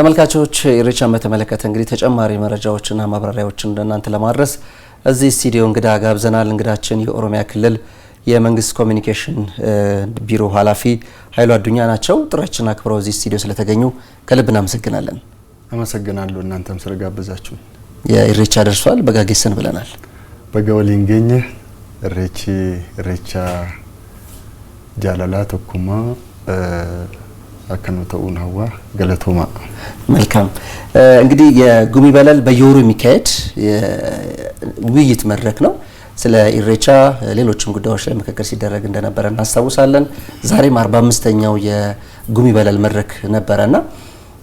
ተመልካቾች ኢሬቻን በተመለከተ እንግዲህ ተጨማሪ መረጃዎችና ማብራሪያዎችን እናንተ ለማድረስ እዚህ ስቱዲዮ እንግዳ ጋብዘናል። እንግዳችን የኦሮሚያ ክልል የመንግስት ኮሚኒኬሽን ቢሮ ኃላፊ ኃይሉ አዱኛ ናቸው። ጥሪያችንን አክብረው እዚህ ስቱዲዮ ስለተገኙ ከልብ እናመሰግናለን። አመሰግናለሁ እናንተም ስለጋበዛችሁ። የኢሬቻ ደርሷል፣ በጋጌሰን ብለናል። በገወል ይንገኘ ኢሬቺ ኢሬቻ ጃላላ ቶኩማ አከኖ ተኡን ሀዋ ገለቶማ መልካም እንግዲህ የጉሚ በለል በየወሩ የሚካሄድ ውይይት መድረክ ነው። ስለ ኢሬቻ ሌሎችም ጉዳዮች ላይ ምክክር ሲደረግ እንደነበረ እናስታውሳለን። ዛሬም 45ኛው የጉሚ በለል መድረክ ነበረና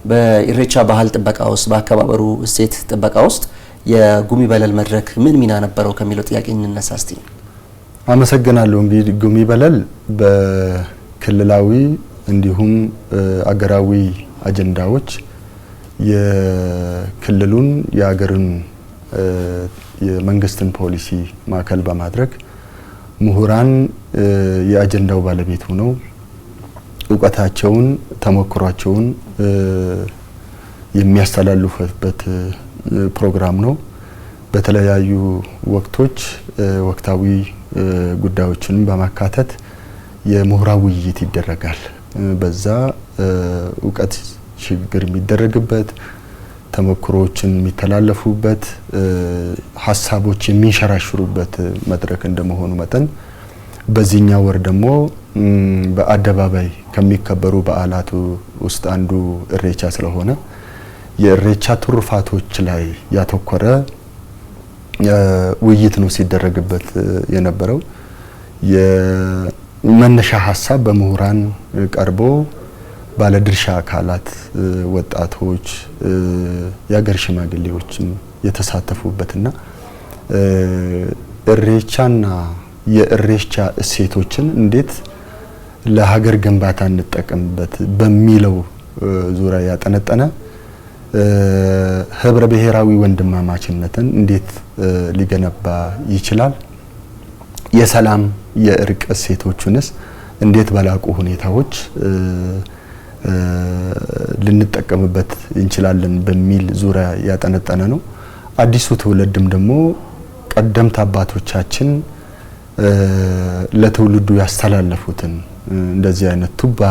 በኢሬቻ ባህል ጥበቃ ውስጥ በአከባበሩ እሴት ጥበቃ ውስጥ የጉሚ በለል መድረክ ምን ሚና ነበረው ከሚለው ጥያቄ እንነሳ እስቲ። አመሰግናለሁ። እንግዲህ ጉሚ በለል በክልላዊ እንዲሁም አገራዊ አጀንዳዎች የክልሉን የሀገርን የመንግስትን ፖሊሲ ማዕከል በማድረግ ምሁራን የአጀንዳው ባለቤት ሆነው እውቀታቸውን፣ ተሞክሯቸውን የሚያስተላልፉበት ፕሮግራም ነው። በተለያዩ ወቅቶች ወቅታዊ ጉዳዮችን በማካተት የምሁራን ውይይት ይደረጋል። በዛ እውቀት ሽግግር የሚደረግበት ተሞክሮዎችን የሚተላለፉበት ሀሳቦች የሚንሸራሽሩበት መድረክ እንደመሆኑ መጠን በዚህኛው ወር ደግሞ በአደባባይ ከሚከበሩ በዓላቱ ውስጥ አንዱ እሬቻ ስለሆነ የእሬቻ ትሩፋቶች ላይ ያተኮረ ውይይት ነው ሲደረግበት የነበረው። መነሻ ሀሳብ በምሁራን ቀርቦ ባለድርሻ አካላት፣ ወጣቶች፣ የሀገር ሽማግሌዎችም የተሳተፉበትና እሬቻና የእሬቻ እሴቶችን እንዴት ለሀገር ግንባታ እንጠቀምበት በሚለው ዙሪያ ያጠነጠነ ህብረ ብሔራዊ ወንድማማችነትን እንዴት ሊገነባ ይችላል የሰላም የእርቅ እሴቶቹንስ እንዴት በላቁ ሁኔታዎች ልንጠቀምበት እንችላለን በሚል ዙሪያ ያጠነጠነ ነው። አዲሱ ትውልድም ደግሞ ቀደምት አባቶቻችን ለትውልዱ ያስተላለፉትን እንደዚህ አይነት ቱባ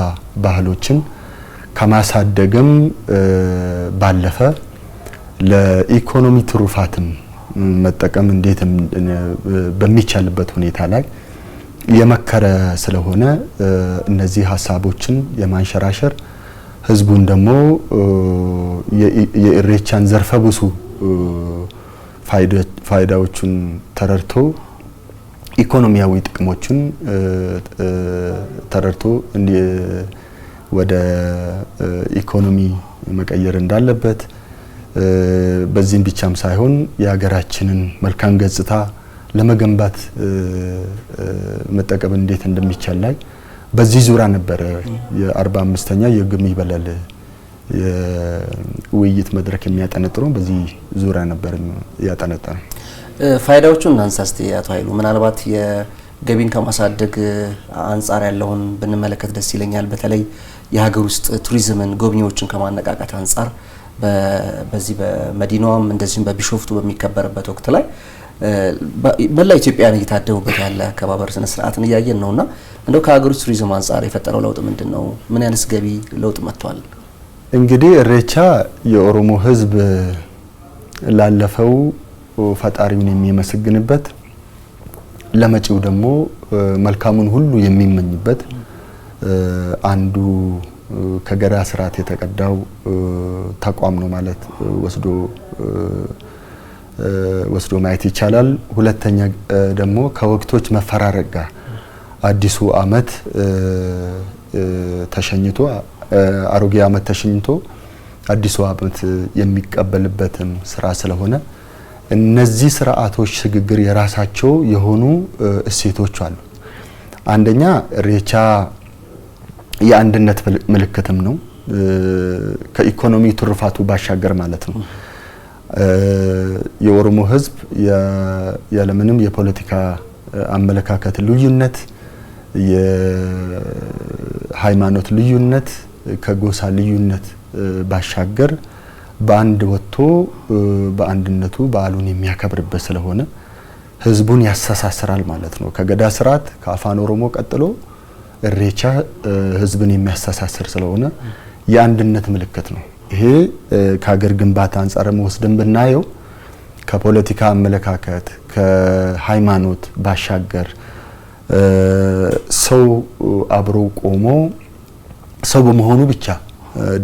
ባህሎችን ከማሳደግም ባለፈ ለኢኮኖሚ ትሩፋትም መጠቀም እንዴት በሚቻልበት ሁኔታ ላይ የመከረ ስለሆነ እነዚህ ሀሳቦችን የማንሸራሸር ህዝቡን ደግሞ የኢሬቻን ዘርፈ ብዙ ፋይዳዎቹን ተረድቶ ኢኮኖሚያዊ ጥቅሞችን ተረድቶ ወደ ኢኮኖሚ መቀየር እንዳለበት በዚህም ብቻም ሳይሆን የሀገራችንን መልካም ገጽታ ለመገንባት መጠቀም እንዴት እንደሚቻል ላይ በዚህ ዙሪያ ነበረ የአርባ አምስተኛ የግም ይበላል የውይይት መድረክ የሚያጠነጥረው በዚህ ዙሪያ ነበር ያጠነጠነው። ፋይዳዎቹ እናንሳ እስቲ አቶ ኃይሉ ምናልባት የገቢን ከማሳደግ አንጻር ያለውን ብንመለከት ደስ ይለኛል። በተለይ የሀገር ውስጥ ቱሪዝምን ጎብኚዎችን ከማነቃቃት አንጻር በዚህ በመዲናዋም እንደዚሁም በቢሾፍቱ በሚከበርበት ወቅት ላይ መላ ኢትዮጵያን እየታደሙበት ያለ አከባበር ስነ ስርዓትን እያየን ነውና እንደው ከሀገር ውስጥ ቱሪዝም አንጻር የፈጠረው ለውጥ ምንድን ነው? ምን አይነት ገቢ ለውጥ መጥቷል? እንግዲህ እሬቻ የኦሮሞ ህዝብ ላለፈው ፈጣሪውን የሚያመሰግንበት ለመጪው ደግሞ መልካሙን ሁሉ የሚመኝበት አንዱ ከገዳ ስርዓት የተቀዳው ተቋም ነው ማለት ወስዶ ወስዶ ማየት ይቻላል። ሁለተኛ ደግሞ ከወቅቶች መፈራረቅ ጋር አዲሱ አመት ተሸኝቶ አሮጌ አመት ተሸኝቶ አዲሱ አመት የሚቀበልበትም ስራ ስለሆነ እነዚህ ስርዓቶች ሽግግር የራሳቸው የሆኑ እሴቶች አሉ። አንደኛ ኢሬቻ የአንድነት ምልክትም ነው። ከኢኮኖሚ ትሩፋቱ ባሻገር ማለት ነው። የኦሮሞ ህዝብ ያለምንም የፖለቲካ አመለካከት ልዩነት፣ የሃይማኖት ልዩነት፣ ከጎሳ ልዩነት ባሻገር በአንድ ወጥቶ በአንድነቱ በዓሉን የሚያከብርበት ስለሆነ ህዝቡን ያስተሳስራል ማለት ነው። ከገዳ ስርዓት ከአፋን ኦሮሞ ቀጥሎ እሬቻ ህዝብን የሚያስተሳስር ስለሆነ የአንድነት ምልክት ነው። ይሄ ከሀገር ግንባታ አንጻር መወስደን ብናየው ከፖለቲካ አመለካከት ከሃይማኖት ባሻገር ሰው አብሮ ቆሞ ሰው በመሆኑ ብቻ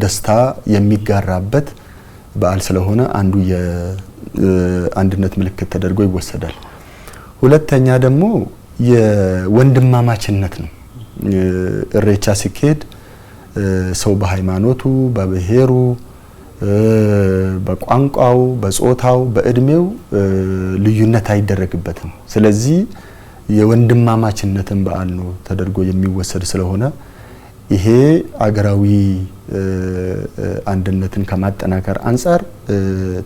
ደስታ የሚጋራበት በዓል ስለሆነ አንዱ የአንድነት ምልክት ተደርጎ ይወሰዳል። ሁለተኛ ደግሞ የወንድማማችነት ነው። እሬቻ ሲካሄድ ሰው በሃይማኖቱ፣ በብሔሩ፣ በቋንቋው፣ በጾታው፣ በእድሜው ልዩነት አይደረግበትም። ስለዚህ የወንድማማችነትን በዓል ነው ተደርጎ የሚወሰድ ስለሆነ ይሄ አገራዊ አንድነትን ከማጠናከር አንጻር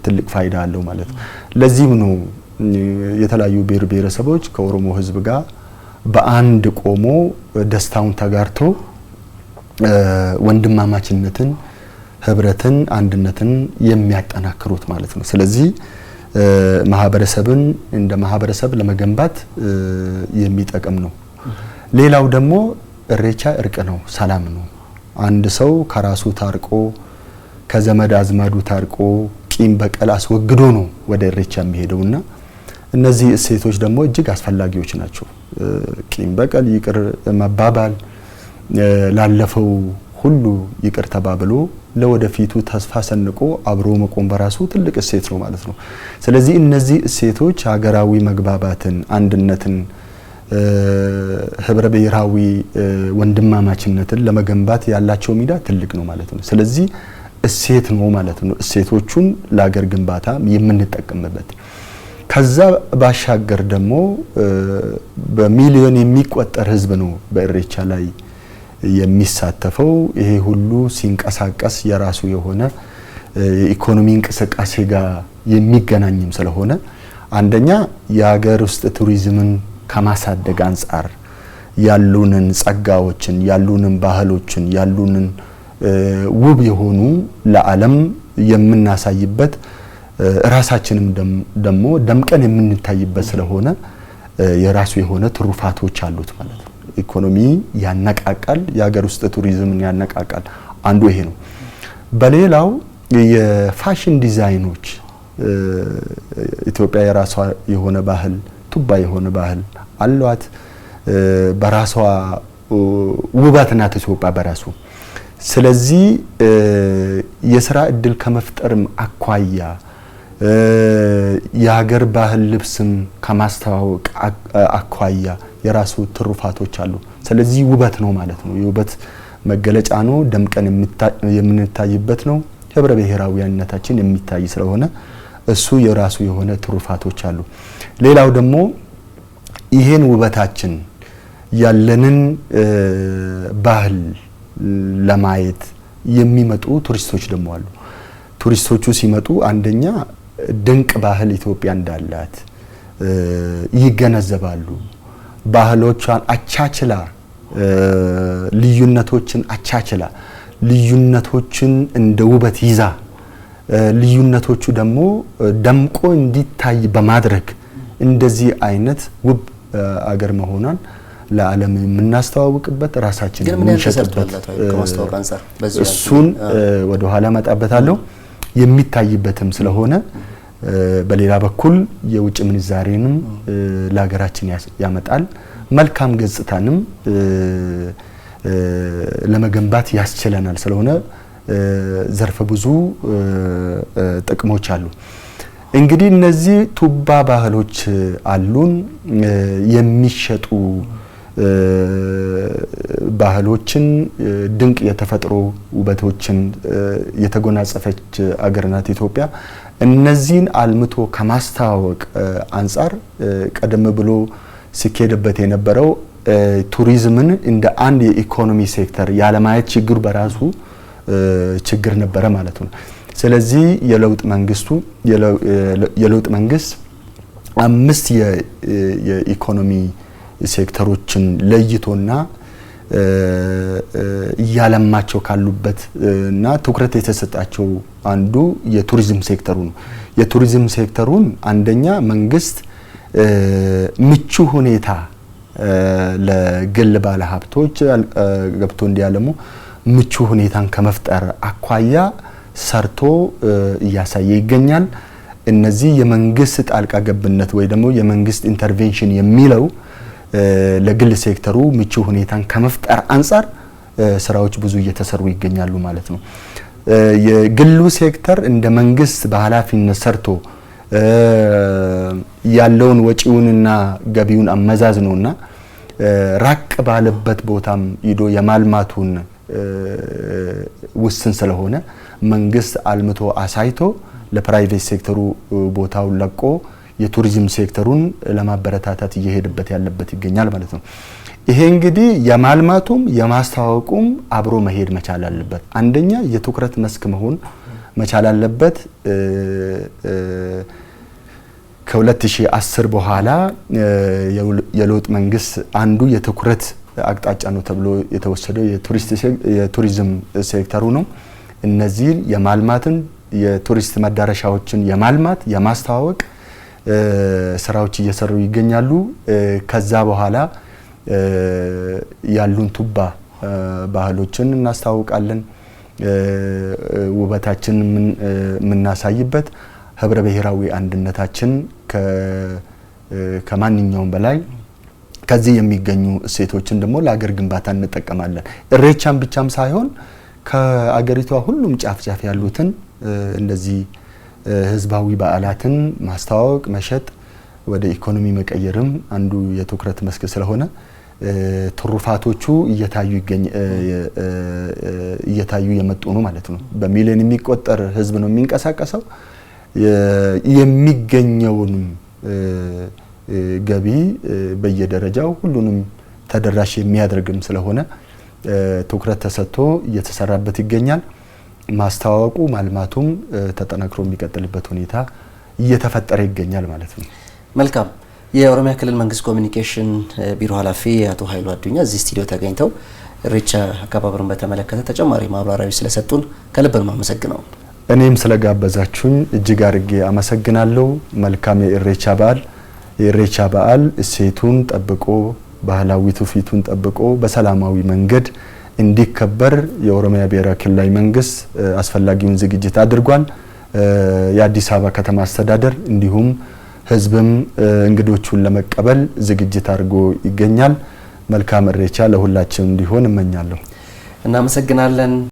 ትልቅ ፋይዳ አለው ማለት ነው። ለዚህም ነው የተለያዩ ብሔር ብሔረሰቦች ከኦሮሞ ሕዝብ ጋር በአንድ ቆሞ ደስታውን ተጋርቶ ወንድማማችነትን፣ ህብረትን፣ አንድነትን የሚያጠናክሩት ማለት ነው። ስለዚህ ማህበረሰብን እንደ ማህበረሰብ ለመገንባት የሚጠቅም ነው። ሌላው ደግሞ እሬቻ እርቅ ነው፣ ሰላም ነው። አንድ ሰው ከራሱ ታርቆ ከዘመድ አዝማዱ ታርቆ ቂም በቀል አስወግዶ ነው ወደ እሬቻ የሚሄደው እና እነዚህ እሴቶች ደግሞ እጅግ አስፈላጊዎች ናቸው። ቂም በቀል ይቅር መባባል ላለፈው ሁሉ ይቅር ተባብሎ ለወደፊቱ ተስፋ ሰንቆ አብሮ መቆም በራሱ ትልቅ እሴት ነው ማለት ነው። ስለዚህ እነዚህ እሴቶች ሀገራዊ መግባባትን፣ አንድነትን፣ ህብረ ብሔራዊ ወንድማማችነትን ለመገንባት ያላቸው ሚና ትልቅ ነው ማለት ነው። ስለዚህ እሴት ነው ማለት ነው። እሴቶቹን ለሀገር ግንባታ የምንጠቀምበት ከዛ ባሻገር ደግሞ በሚሊዮን የሚቆጠር ህዝብ ነው በኢሬቻ ላይ የሚሳተፈው ይሄ ሁሉ ሲንቀሳቀስ የራሱ የሆነ የኢኮኖሚ እንቅስቃሴ ጋር የሚገናኝም ስለሆነ አንደኛ የሀገር ውስጥ ቱሪዝምን ከማሳደግ አንጻር ያሉንን ጸጋዎችን፣ ያሉንን ባህሎችን፣ ያሉንን ውብ የሆኑ ለዓለም የምናሳይበት ራሳችንም ደግሞ ደምቀን የምንታይበት ስለሆነ የራሱ የሆነ ትሩፋቶች አሉት ማለት ነው። ኢኮኖሚ ያነቃቃል፣ የሀገር ውስጥ ቱሪዝምን ያነቃቃል። አንዱ ይሄ ነው። በሌላው የፋሽን ዲዛይኖች ኢትዮጵያ የራሷ የሆነ ባህል ቱባ የሆነ ባህል አሏት። በራሷ ውበት ናት ኢትዮጵያ በራሱ። ስለዚህ የስራ እድል ከመፍጠርም አኳያ የሀገር ባህል ልብስም ከማስተዋወቅ አኳያ የራሱ ትሩፋቶች አሉ። ስለዚህ ውበት ነው ማለት ነው። የውበት መገለጫ ነው። ደምቀን የምንታይበት ነው። ህብረ ብሔራዊነታችን የሚታይ ስለሆነ እሱ የራሱ የሆነ ትሩፋቶች አሉ። ሌላው ደግሞ ይሄን ውበታችን ያለንን ባህል ለማየት የሚመጡ ቱሪስቶች ደግሞ አሉ። ቱሪስቶቹ ሲመጡ አንደኛ ድንቅ ባህል ኢትዮጵያ እንዳላት ይገነዘባሉ። ባህሎቿን አቻችላ ልዩነቶችን አቻችላ ልዩነቶችን እንደ ውበት ይዛ ልዩነቶቹ ደግሞ ደምቆ እንዲታይ በማድረግ እንደዚህ አይነት ውብ አገር መሆኗን ለዓለም የምናስተዋውቅበት ራሳችን የምንሸጥበት እሱን ወደኋላ ኋላ መጣበታለሁ የሚታይበትም ስለሆነ በሌላ በኩል የውጭ ምንዛሬንም ለሀገራችን ያመጣል። መልካም ገጽታንም ለመገንባት ያስችለናል። ስለሆነ ዘርፈ ብዙ ጥቅሞች አሉ። እንግዲህ እነዚህ ቱባ ባህሎች አሉን። የሚሸጡ ባህሎችን ድንቅ የተፈጥሮ ውበቶችን የተጎናጸፈች አገር ናት ኢትዮጵያ። እነዚህን አልምቶ ከማስተዋወቅ አንጻር ቀደም ብሎ ሲካሄድበት የነበረው ቱሪዝምን እንደ አንድ የኢኮኖሚ ሴክተር ያለማየት ችግር በራሱ ችግር ነበረ ማለት ነው። ስለዚህ የለውጥ መንግስቱ የለውጥ መንግስት አምስት የኢኮኖሚ ሴክተሮችን ለይቶና እያለማቸው ካሉበት እና ትኩረት የተሰጣቸው አንዱ የቱሪዝም ሴክተሩ ነው። የቱሪዝም ሴክተሩን አንደኛ መንግስት ምቹ ሁኔታ ለግል ባለ ሀብቶች ገብቶ እንዲያለሙ ምቹ ሁኔታን ከመፍጠር አኳያ ሰርቶ እያሳየ ይገኛል። እነዚህ የመንግስት ጣልቃ ገብነት ወይ ደግሞ የመንግስት ኢንተርቬንሽን የሚለው ለግል ሴክተሩ ምቹ ሁኔታን ከመፍጠር አንጻር ስራዎች ብዙ እየተሰሩ ይገኛሉ ማለት ነው። የግሉ ሴክተር እንደ መንግስት በኃላፊነት ሰርቶ ያለውን ወጪውንና ገቢውን አመዛዝ ነውና ራቅ ባለበት ቦታም ሂዶ የማልማቱን ውስን ስለሆነ መንግስት አልምቶ አሳይቶ ለፕራይቬት ሴክተሩ ቦታውን ለቆ የቱሪዝም ሴክተሩን ለማበረታታት እየሄድበት ያለበት ይገኛል ማለት ነው። ይሄ እንግዲህ የማልማቱም የማስተዋወቁም አብሮ መሄድ መቻል አለበት። አንደኛ የትኩረት መስክ መሆን መቻል አለበት። ከ2010 በኋላ የለውጥ መንግስት አንዱ የትኩረት አቅጣጫ ነው ተብሎ የተወሰደው የቱሪዝም ሴክተሩ ነው። እነዚህን የማልማትን የቱሪስት መዳረሻዎችን የማልማት የማስተዋወቅ ስራዎች እየሰሩ ይገኛሉ። ከዛ በኋላ ያሉን ቱባ ባህሎችን እናስተዋውቃለን። ውበታችን የምናሳይበት ህብረ ብሔራዊ አንድነታችን ከማንኛውም በላይ ከዚህ የሚገኙ እሴቶችን ደግሞ ለአገር ግንባታ እንጠቀማለን። እሬቻን ብቻም ሳይሆን ከአገሪቷ ሁሉም ጫፍ ጫፍ ያሉትን እንደዚህ ህዝባዊ በዓላትን ማስተዋወቅ፣ መሸጥ ወደ ኢኮኖሚ መቀየርም አንዱ የትኩረት መስክ ስለሆነ ትሩፋቶቹ እየታዩ የመጡ ነው ማለት ነው። በሚሊዮን የሚቆጠር ህዝብ ነው የሚንቀሳቀሰው። የሚገኘውንም ገቢ በየደረጃው ሁሉንም ተደራሽ የሚያደርግም ስለሆነ ትኩረት ተሰጥቶ እየተሰራበት ይገኛል። ማስተዋወቁ ማልማቱም ተጠናክሮ የሚቀጥልበት ሁኔታ እየተፈጠረ ይገኛል ማለት ነው። መልካም። የኦሮሚያ ክልል መንግስት ኮሚኒኬሽን ቢሮ ኃላፊ አቶ ኃይሉ አዱኛ እዚህ ስቱዲዮ ተገኝተው ኢሬቻ አከባበሩን በተመለከተ ተጨማሪ ማብራሪያዎች ስለሰጡን ከልብ ነው የማመሰግነው። እኔም ስለጋበዛችሁኝ እጅግ አድርጌ አመሰግናለሁ። መልካም የኢሬቻ በዓል። የኢሬቻ በዓል እሴቱን ጠብቆ ባህላዊ ትውፊቱን ጠብቆ በሰላማዊ መንገድ እንዲከበር የኦሮሚያ ብሔራዊ ክልላዊ መንግስት አስፈላጊውን ዝግጅት አድርጓል። የአዲስ አበባ ከተማ አስተዳደር እንዲሁም ህዝብም እንግዶቹን ለመቀበል ዝግጅት አድርጎ ይገኛል። መልካም እሬቻ ለሁላችን እንዲሆን እመኛለሁ። እናመሰግናለን።